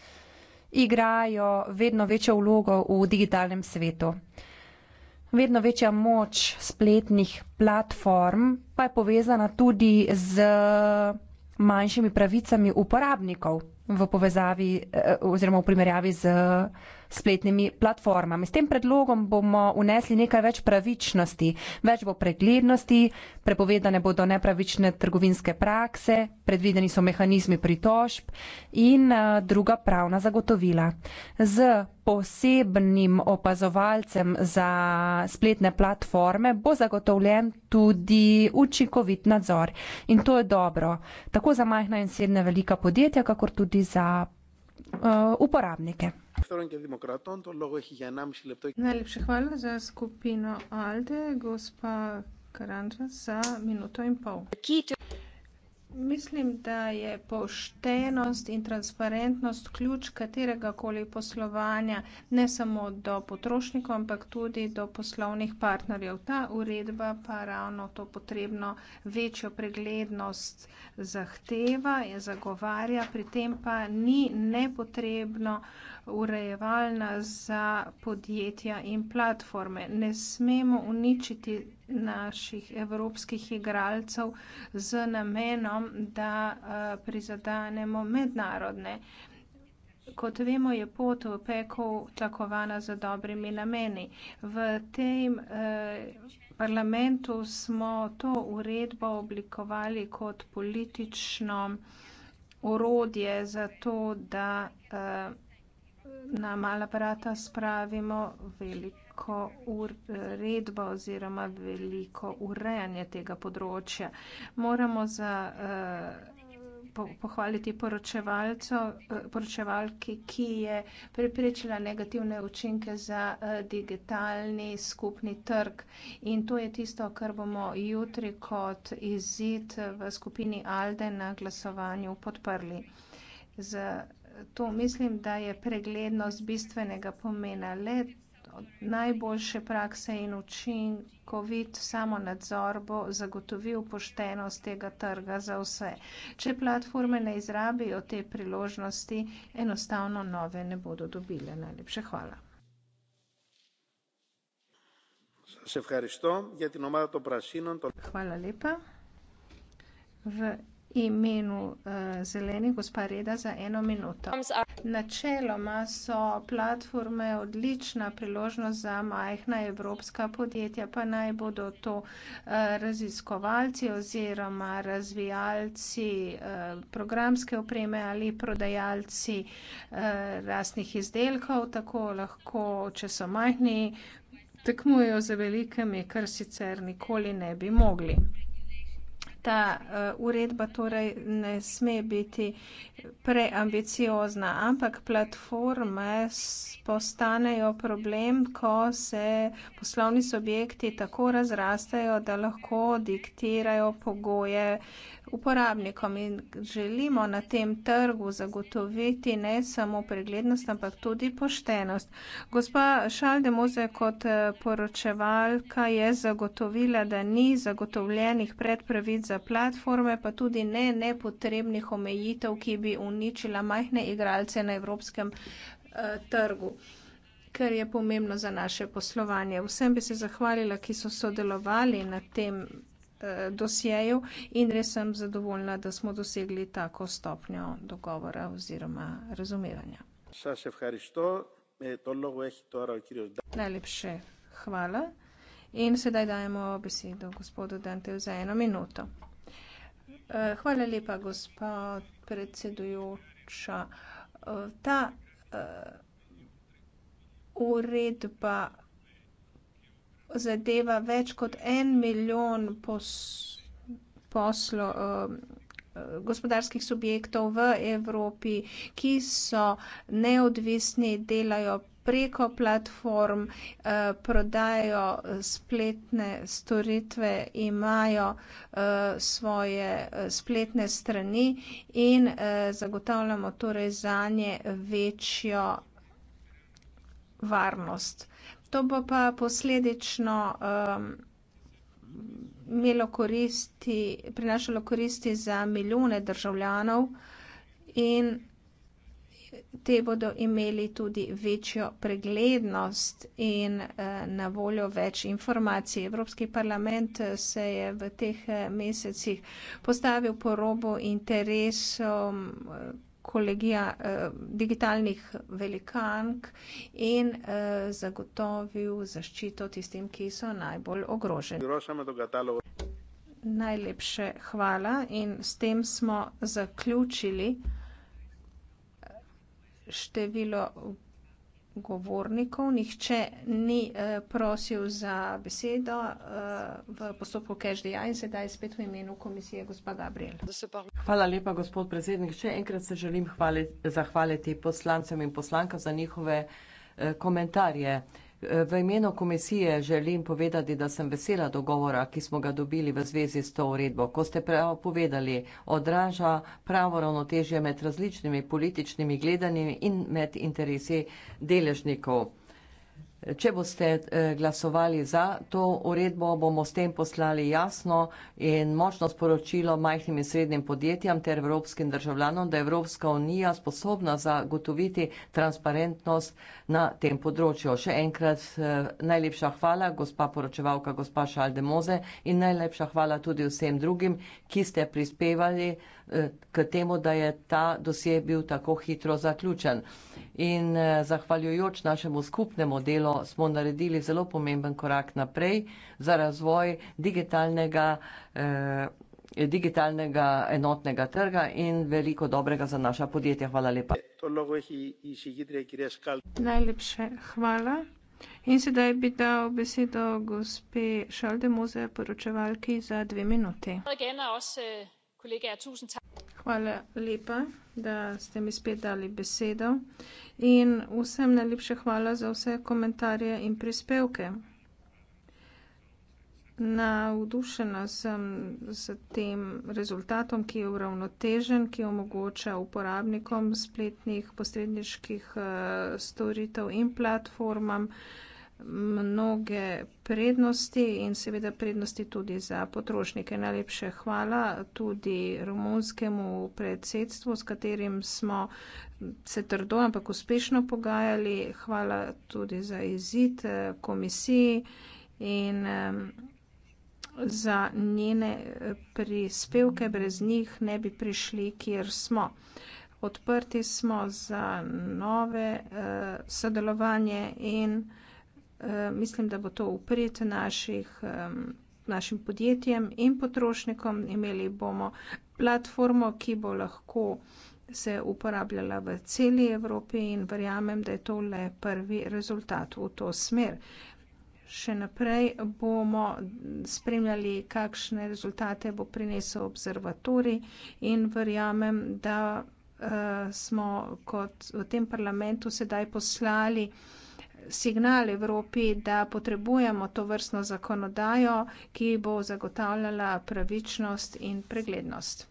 igrajo vedno večjo vlogo v digitalnem svetu. Vedno večja moč spletnih platform pa je povezana tudi z manjšimi pravicami uporabnikov v povezavi eh, oziroma v primerjavi z eh, spletnimi platformami. S tem predlogom bomo unesli nekaj več pravičnosti, več bo preglednosti, prepovedane bodo nepravične trgovinske prakse, predvideni so mehanizmi pritožb in eh, druga pravna zagotovila. Z posebnim opazovalcem za spletne platforme bo zagotovljen tudi učinkovit nadzor. In to je dobro, tako za majhna in srednja velika podjetja, kakor tudi tudi za uh, uporabnike. Najlepša hvala za skupino Alde, gospa Karanča, za minuto in pol. Mislim, da je poštenost in transparentnost ključ katerega koli poslovanja, ne samo do potrošnikov, ampak tudi do poslovnih partnerjev. Ta uredba pa ravno to potrebno večjo preglednost zahteva in zagovarja, pri tem pa ni nepotrebno uh, urejevalna za podjetja in platforme. Ne smemo uničiti naših evropskih igralcev z namenom, da eh, prizadanemo mednarodne. Kot vemo, je pot v peko tlakovana za dobrimi nameni. V tem eh, parlamentu smo to uredbo oblikovali kot politično orodje za to, da uh, na mala brata spravimo veliko uredbo oziroma veliko urejanje tega področja. Moramo za eh, pohvaliti eh, poročevalki, ki je preprečila negativne učinke za eh, digitalni skupni trg. In to je tisto, kar bomo jutri kot izid v skupini ALDE na glasovanju podprli. Z to mislim, da je preglednost bistvenega pomena. Le najboljše prakse in učinkovit samo nadzor bo zagotovil poštenost tega trga za vse. Če platforme ne izrabijo te priložnosti, enostavno nove ne bodo dobile. Najlepše hvala. Hvala lepa. V imenu uh, eh, zeleni gospa Reda za eno minuto. Načeloma so platforme odlična priložnost za majhna evropska podjetja, pa naj bodo to uh, raziskovalci oziroma razvijalci uh, programske opreme ali prodajalci uh, rasnih izdelkov, tako lahko, če so majhni, tekmujejo za velikimi, kar sicer nikoli ne bi mogli ta uh, uredba torej ne sme biti preambiciozna, ampak platforme postanejo problem, ko se poslovni subjekti tako razrastejo, da lahko diktirajo pogoje uh, uporabnikom in želimo na tem trgu zagotoviti ne samo preglednost, ampak tudi poštenost. Gospa Šaldemoze kot eh, poročevalka je zagotovila, da ni zagotovljenih predpravid za platforme, pa tudi ne nepotrebnih omejitev, ki bi uničila majhne igralce na evropskem eh, trgu kar je pomembno za naše poslovanje. Vsem bi se zahvalila, ki so sodelovali na tem Eh, dosjejev in res sem zadovoljna, da smo dosegli tako stopnjo dogovora oziroma razumevanja. Najlepše hvala. In sedaj dajemo besedo gospodu Danteju za eno minuto. Eh, hvala lepa, gospa predsedujoča. Eh, ta uredba zadeva več kot en milijon pos, poslo, uh, gospodarskih subjektov v Evropi, ki so neodvisni, delajo preko platform, uh, eh, prodajajo spletne storitve, imajo uh, svoje spletne strani in uh, zagotavljamo torej zanje večjo varnost. To bo pa posledično um, imelo koristi, prinašalo koristi za milijone državljanov in te bodo imeli tudi večjo preglednost in uh, na voljo več informacij. Evropski parlament eh, se je v teh eh, mesecih postavil po robu interesom. Uh, kolegija eh, digitalnih velikank in eh, zagotovil zaščito tistim, ki so najbolj ogroženi. Najlepše hvala in s tem smo zaključili eh, število govornikov. Nihče ni eh, prosil za besedo eh, v postopku KŠDI in sedaj spet v imenu komisije gospa Gabriel. Hvala lepa, gospod predsednik. Še enkrat se želim hvali, zahvaliti poslancem in poslankam za njihove eh, komentarje. Eh, V imenu komisije želim povedati, da sem vesela dogovora, ki smo ga dobili v zvezi s to uredbo. Ko ste prav povedali, odraža pravo ravnotežje med različnimi političnimi gledanjami in med interesi deležnikov. Če boste eh, glasovali za to uredbo, bomo s tem poslali jasno in močno sporočilo majhnim in srednjim podjetjam ter evropskim državljanom, da je Evropska unija sposobna zagotoviti transparentnost na tem področju. Še enkrat eh, najlepša hvala, gospa poročevalka, gospa Šaldemoze in najlepša hvala tudi vsem drugim, ki ste prispevali. Eh, k temu, da je ta dosje bil tako hitro zaključen. In eh, zahvaljujoč našemu skupnemu delu smo naredili zelo pomemben korak naprej za razvoj digitalnega, eh, digitalnega enotnega trga in veliko dobrega za naša podjetja. Hvala lepa. Najlepše hvala. In sedaj bi dal besedo gospe Šaldemoze, poročevalki, za dve minuti. Eh, Hvala lepa, da ste mi spet dali besedo in vsem najlepša hvala za vse komentarje in prispevke. Navdušena sem s tem rezultatom, ki je uravnotežen, ki omogoča uporabnikom spletnih posredniških eh, storitev in platformam, mnoge prednosti in seveda prednosti tudi za potrošnike. Najlepše hvala tudi romunskemu predsedstvu, s katerim smo se trdo, ampak uspešno pogajali. Hvala tudi za izid eh, komisiji in za njene eh, prispevke. Brez njih ne bi prišli, kjer smo. Odprti smo za nove eh, sodelovanje in Eh, mislim, da bo to upred naših, našim podjetjem in potrošnikom. Imeli bomo platformo, ki bo lahko se uporabljala v celi Evropi in verjamem, da je to le prvi rezultat v to smer. Še naprej bomo spremljali, kakšne rezultate bo prinesel observatori in verjamem, da uh, smo kot v tem parlamentu sedaj poslali uh, signal Evropi, da potrebujemo to vrstno zakonodajo, ki bo zagotavljala pravičnost in preglednost.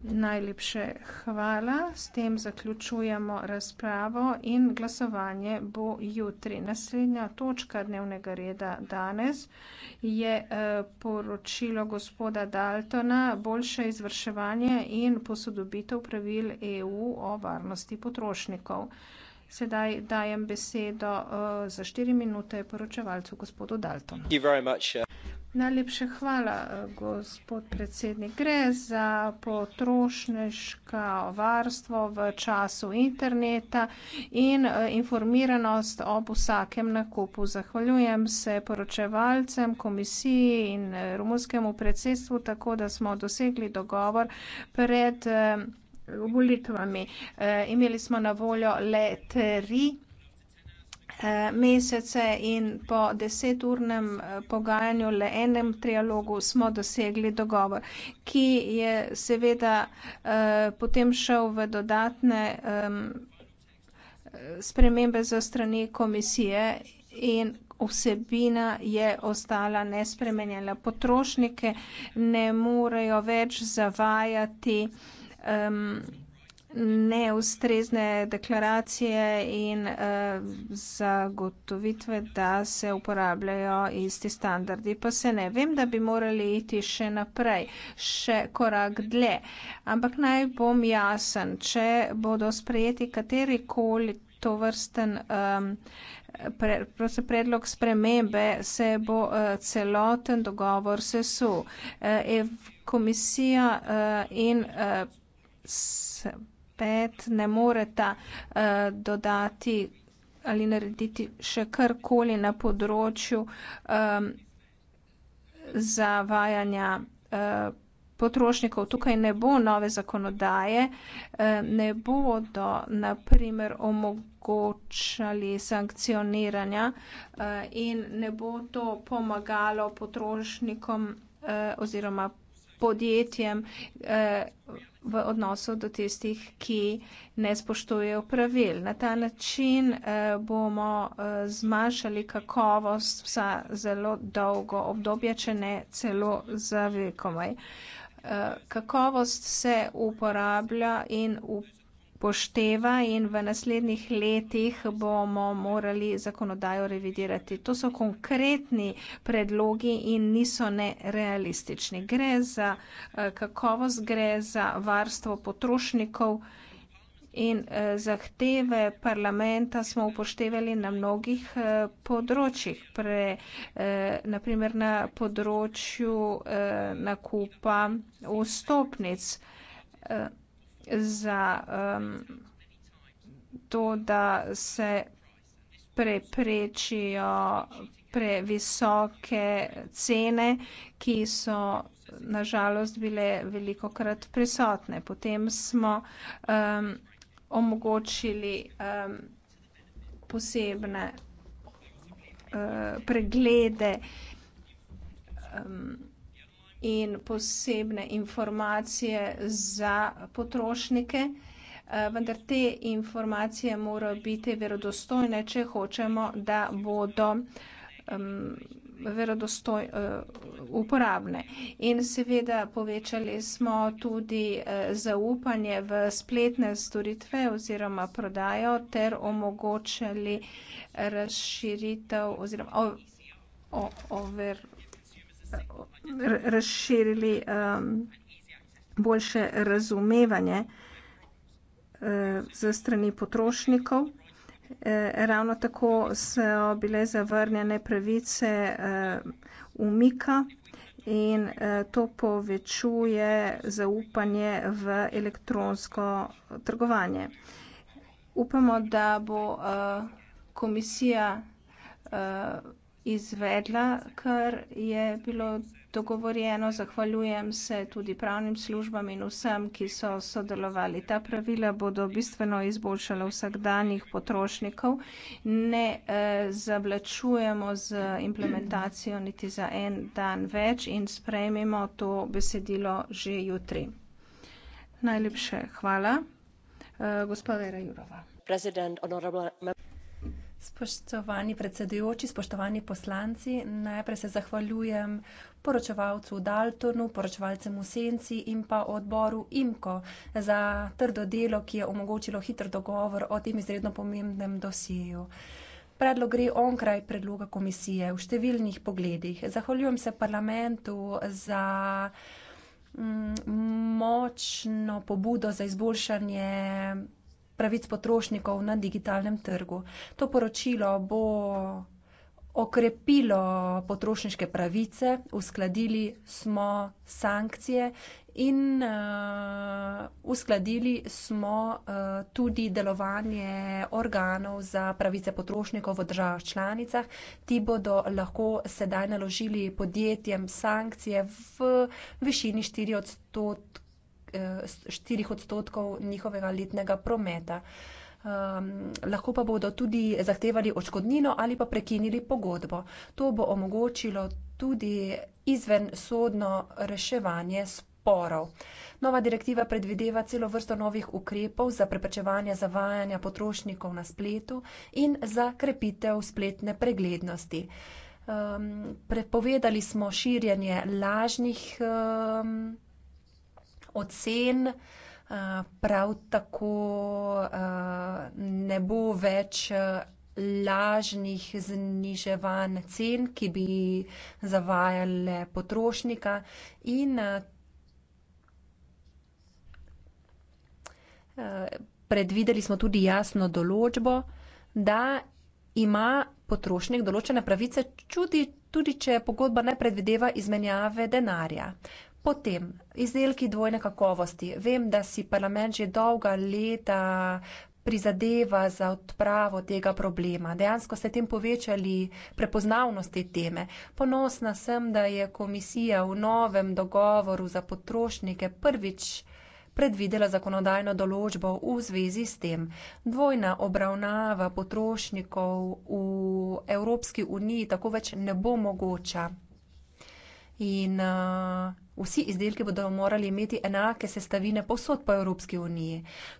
Najlepše hvala. S tem zaključujemo razpravo in glasovanje bo jutri. Naslednja točka dnevnega reda danes je eh, poročilo gospoda Daltona boljše izvrševanje in posodobitev pravil EU o varnosti potrošnikov. Sedaj dajem besedo uh, za štiri minute poročevalcu gospodu Daltonu. Uh, Najlepše hvala, eh, gospod predsednik. Gre za potrošniška varstvo v času interneta in eh, informiranost ob vsakem nakupu. Zahvaljujem se poročevalcem, komisiji in rumunskemu predsedstvu, tako da smo dosegli dogovor pred. Uh, volitvami. E, imeli smo na voljo le tri e, mesece in po deseturnem e, pogajanju, le enem trialogu smo dosegli dogovor, ki je seveda potem šel v dodatne spremembe za strani komisije in vsebina je ostala nespremenjena. Potrošnike ne morejo več zavajati um, neustrezne deklaracije in uh, zagotovitve, da se uporabljajo isti standardi. Pa se ne vem, da bi morali iti še naprej, še korak dlje. Ampak naj bom jasen, če bodo sprejeti katerikoli to vrsten. Um, Pre, predlog spremembe se bo uh, celoten dogovor sesu. Uh, e komisija uh, in uh, spet ne moreta uh, dodati ali narediti še karkoli na področju um, zavajanja uh, potrošnikov. Tukaj ne bo nove zakonodaje, uh, ne bodo naprimer omogočali sankcioniranja uh, in ne bo to pomagalo potrošnikom uh, oziroma podjetjem. Uh, v odnosu do tistih, ki ne spoštujejo pravil. Na ta način eh, bomo eh, zmanjšali kakovost za zelo dolgo obdobje, če ne celo za vekomaj. Eh, kakovost se uporablja in uporablja pošteva in v naslednjih letih bomo morali zakonodajo revidirati. To so konkretni predlogi in niso nerealistični. Gre za eh, kakovost, gre za varstvo potrošnikov in eh, zahteve parlamenta smo upoštevali na mnogih eh, področjih, pre, naprimer na področju nakupa vstopnic za um, to, da se preprečijo previsoke cene, ki so nažalost bile veliko krat prisotne. Potem smo um, omogočili um, posebne uh, preglede um, in posebne informacije za potrošnike, eh, vendar te informacije morajo biti verodostojne, če hočemo, da bodo verodostoj eh, uporabne. In seveda povečali smo tudi eh, zaupanje v spletne storitve oziroma prodajo ter omogočali razširitev oziroma o, o, over, razširili um, boljše razumevanje za uh, strani potrošnikov. Uh, ravno tako so bile zavrnjene pravice uh, umika in to povečuje zaupanje v elektronsko trgovanje. Upamo, da bo komisija izvedla, kar je bilo dogovorjeno. Zahvaljujem se tudi pravnim službam in vsem, ki so sodelovali. Ta pravila bodo bistveno izboljšala vsakdanjih potrošnikov. Ne eh, zavlačujemo z implementacijo niti za en dan več in sprejmimo to besedilo že jutri. Najlepše hvala. Eh, gospa Vera Jurova. President, honorable... Spoštovani predsedujoči, spoštovani poslanci, najprej se zahvaljujem poročevalcu Daltonu, poročevalcem v Senci in pa odboru IMKO za trdo delo, ki je omogočilo hiter dogovor o tem izredno pomembnem dosjeju. Predlog gre onkraj predloga komisije v številnih pogledih. Zahvaljujem se parlamentu za mm, močno pobudo za izboljšanje pravic potrošnikov na digitalnem trgu. To poročilo bo okrepilo potrošniške pravice, uskladili smo sankcije in uh, uskladili smo uh, tudi delovanje organov za pravice potrošnikov v državah članicah. Ti bodo lahko sedaj naložili podjetjem sankcije v višini 4 odstotkov 4 eh, odstotkov njihovega letnega prometa. Um, lahko pa bodo tudi zahtevali očkodnino ali pa prekinili pogodbo. To bo omogočilo tudi izven sodno reševanje sporov. Nova direktiva predvideva celo vrsto novih ukrepov za preprečevanje zavajanja potrošnikov na spletu in za krepitev spletne preglednosti. Um, prepovedali smo širjanje lažnih. Um, ocen. Eh, prav tako eh, ne bo več eh, lažnih zniževanj cen, ki bi zavajale potrošnika in predvideli smo tudi jasno določbo, da ima potrošnik določene pravice čudi, tudi če pogodba ne predvideva izmenjave denarja. Potem izdelki dvojne kakovosti. Vem, da si parlament že dolga leta prizadeva za odpravo tega problema. Dejansko ste tem povečali prepoznavnost te teme. Ponosna sem, da je komisija v novem dogovoru za potrošnike prvič predvidela zakonodajno določbo v zvezi s tem. Dvojna obravnava potrošnikov v Evropski uniji tako več ne bo mogoča. In uh, Vsi izdelki bodo morali imeti enake sestavine posod po Evropski uniji.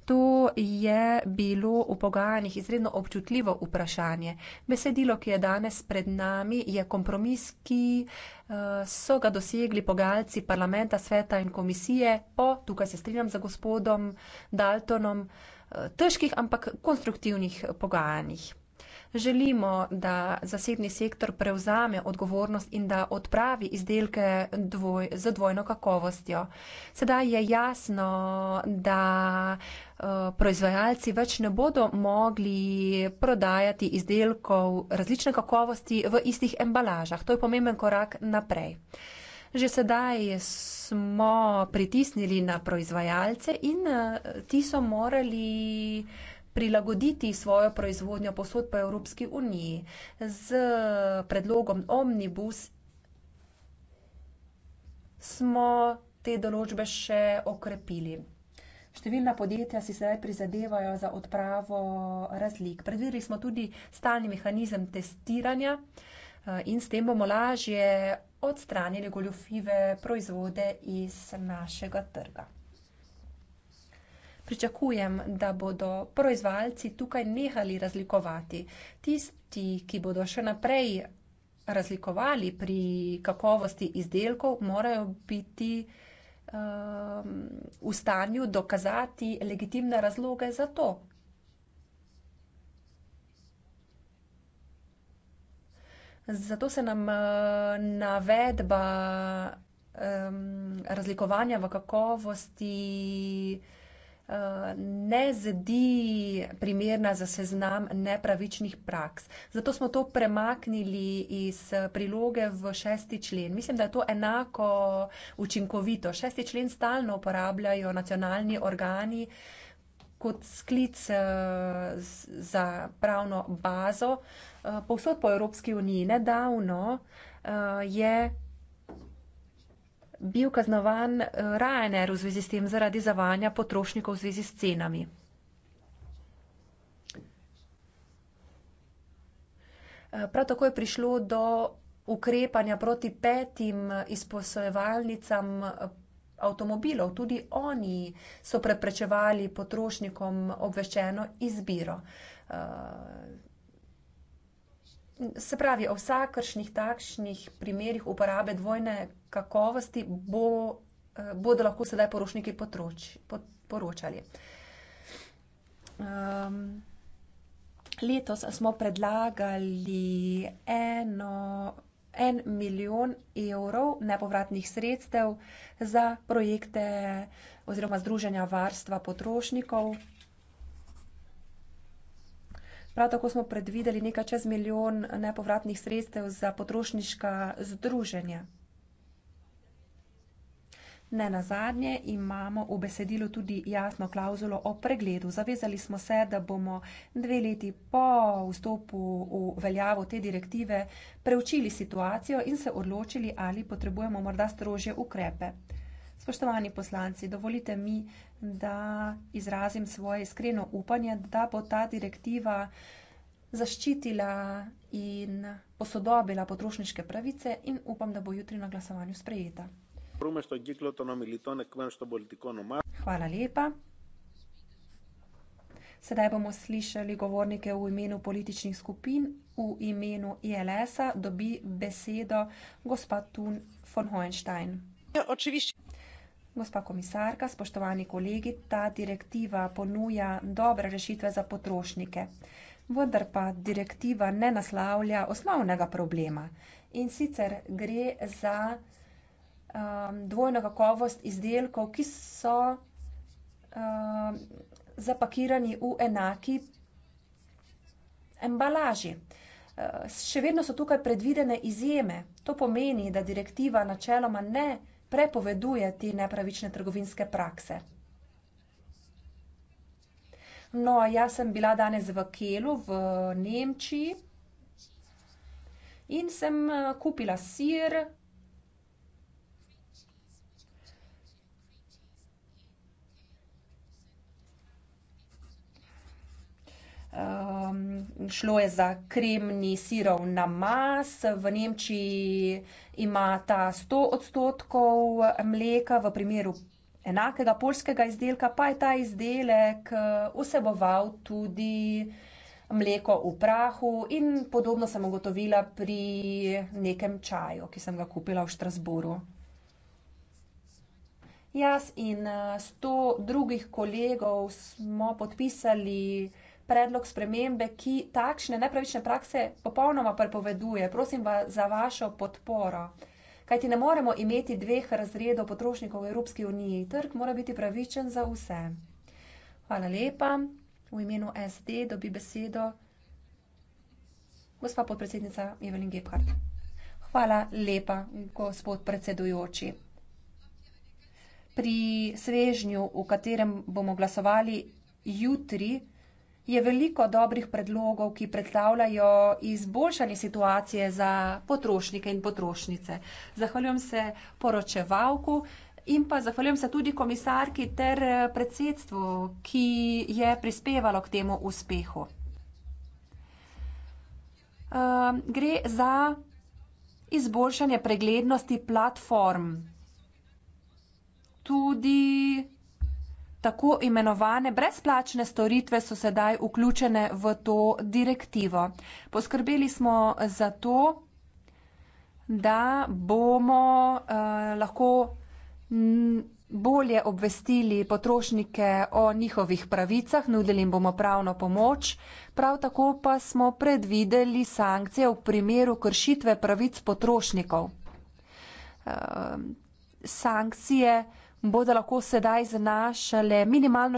To je bilo v pogajanjih izredno občutljivo vprašanje. Besedilo, ki je danes pred nami, je kompromis, ki eh, so ga dosegli pogajalci parlamenta, sveta in komisije po, tukaj se strinjam za gospodom Daltonom, eh, težkih, ampak konstruktivnih pogajanjih želimo, da zasebni sektor prevzame odgovornost in da odpravi izdelke dvoj, z dvojno kakovostjo. Sedaj je jasno, da eh, proizvajalci več ne bodo mogli prodajati izdelkov različne kakovosti v istih embalažah. To je pomemben korak naprej. Že sedaj smo pritisnili na proizvajalce in eh, ti so morali uh, prilagoditi svojo proizvodnjo posod po Evropski uniji z predlogom Omnibus, smo te določbe še okrepili. Številna podjetja si sedaj prizadevajo za odpravo razlik. Predvideli smo tudi stalni mehanizem testiranja eh, in s tem bomo lažje odstranili goljofive proizvode iz našega trga. Pričakujem, da bodo proizvajalci tukaj nehali razlikovati. Tisti, ki bodo še naprej razlikovali pri kakovosti izdelkov, morajo biti um, v stanju dokazati legitimne razloge za to. Zato se nam uh, navedba um, razlikovanja v kakovosti ne zdi primerna za seznam nepravičnih praks. Zato smo to premaknili iz priloge v šesti člen. Mislim, da je to enako učinkovito. Šesti člen stalno uporabljajo nacionalni organi kot sklic eh, za pravno bazo. Eh, povsod po Evropski uniji nedavno eh, je bil kaznovan eh, Ryanair v zvezi s tem zaradi zavanja potrošnikov v zvezi s cenami. Eh, prav tako je prišlo do ukrepanja proti petim eh, izposojevalnicam avtomobilov. Tudi oni so preprečevali potrošnikom obveščeno izbiro. Se pravi, o vsakršnih takšnih primerjih uporabe dvojne kakovosti bo, eh, bodo lahko sedaj porošniki potroč, pot, poročali. Um, letos smo predlagali eno, en milijon evrov nepovratnih sredstev za projekte oziroma združenja varstva potrošnikov. Prav tako smo predvideli nekaj čez milijon nepovratnih sredstev za potrošniška združenja. Ne na zadnje imamo v besedilu tudi jasno klauzulo o pregledu. Zavezali smo se, da bomo dve leti po vstopu v veljavo te direktive preučili situacijo in se odločili, ali potrebujemo morda strožje ukrepe. Spoštovani poslanci, dovolite mi, da izrazim svoje iskreno upanje, da bo ta direktiva zaščitila in posodobila potrošniške pravice in upam, da bo jutri na glasovanju sprejeta. Hvala lepa. Sedaj bomo slišali govornike v imenu političnih skupin, v imenu ILS-a e dobi besedo gospa Tun von Hohenstein. Ja, Gospa komisarka, spoštovani kolegi, ta direktiva ponuja dobre rešitve za potrošnike. Vendar pa direktiva ne naslavlja osnovnega problema. In sicer gre za um, dvojno kakovost izdelkov, ki so um, zapakirani v enaki embalaži. Uh, še vedno so tukaj predvidene izjeme. To pomeni, da direktiva načeloma ne prepoveduje te nepravične trgovinske prakse. No, jaz sem bila danes v Kelu, v Nemčiji, in sem eh, kupila sir, Um, šlo je za kremni sirov na mas, v Nemčiji ima ta 100 odstotkov mleka, v primeru enakega polskega izdelka pa je ta izdelek eh, vseboval tudi mleko v prahu in podobno sem ugotovila pri nekem čaju, ki sem ga kupila v Štrasburu. Jaz in 100 eh, drugih kolegov smo podpisali predlog spremembe, ki takšne nepravične prakse popolnoma prepoveduje. Prosim vas za vašo podporo. Kajti ne moremo imeti dveh razredov potrošnikov v Evropski uniji. Trg mora biti pravičen za vse. Hvala lepa. V imenu SD dobi besedo gospa podpredsednica Evelin Gebhardt. Hvala lepa, gospod predsedujoči. Pri svežnju, v katerem bomo glasovali jutri, je veliko dobrih predlogov, ki predstavljajo izboljšanje situacije za potrošnike in potrošnice. Zahvaljujem se poročevalku in pa zahvaljujem se tudi komisarki ter predsedstvu, ki je prispevalo k temu uspehu. Ehm, gre za izboljšanje preglednosti platform. Tudi Tako imenovane brezplačne storitve so sedaj vključene v to direktivo. Poskrbeli smo za to, da bomo eh, lahko bolje obvestili potrošnike o njihovih pravicah, nudili jim bomo pravno pomoč, prav tako pa smo predvideli sankcije v primeru kršitve pravic potrošnikov. Eh, sankcije eh, bodo lahko sedaj znašale minimalno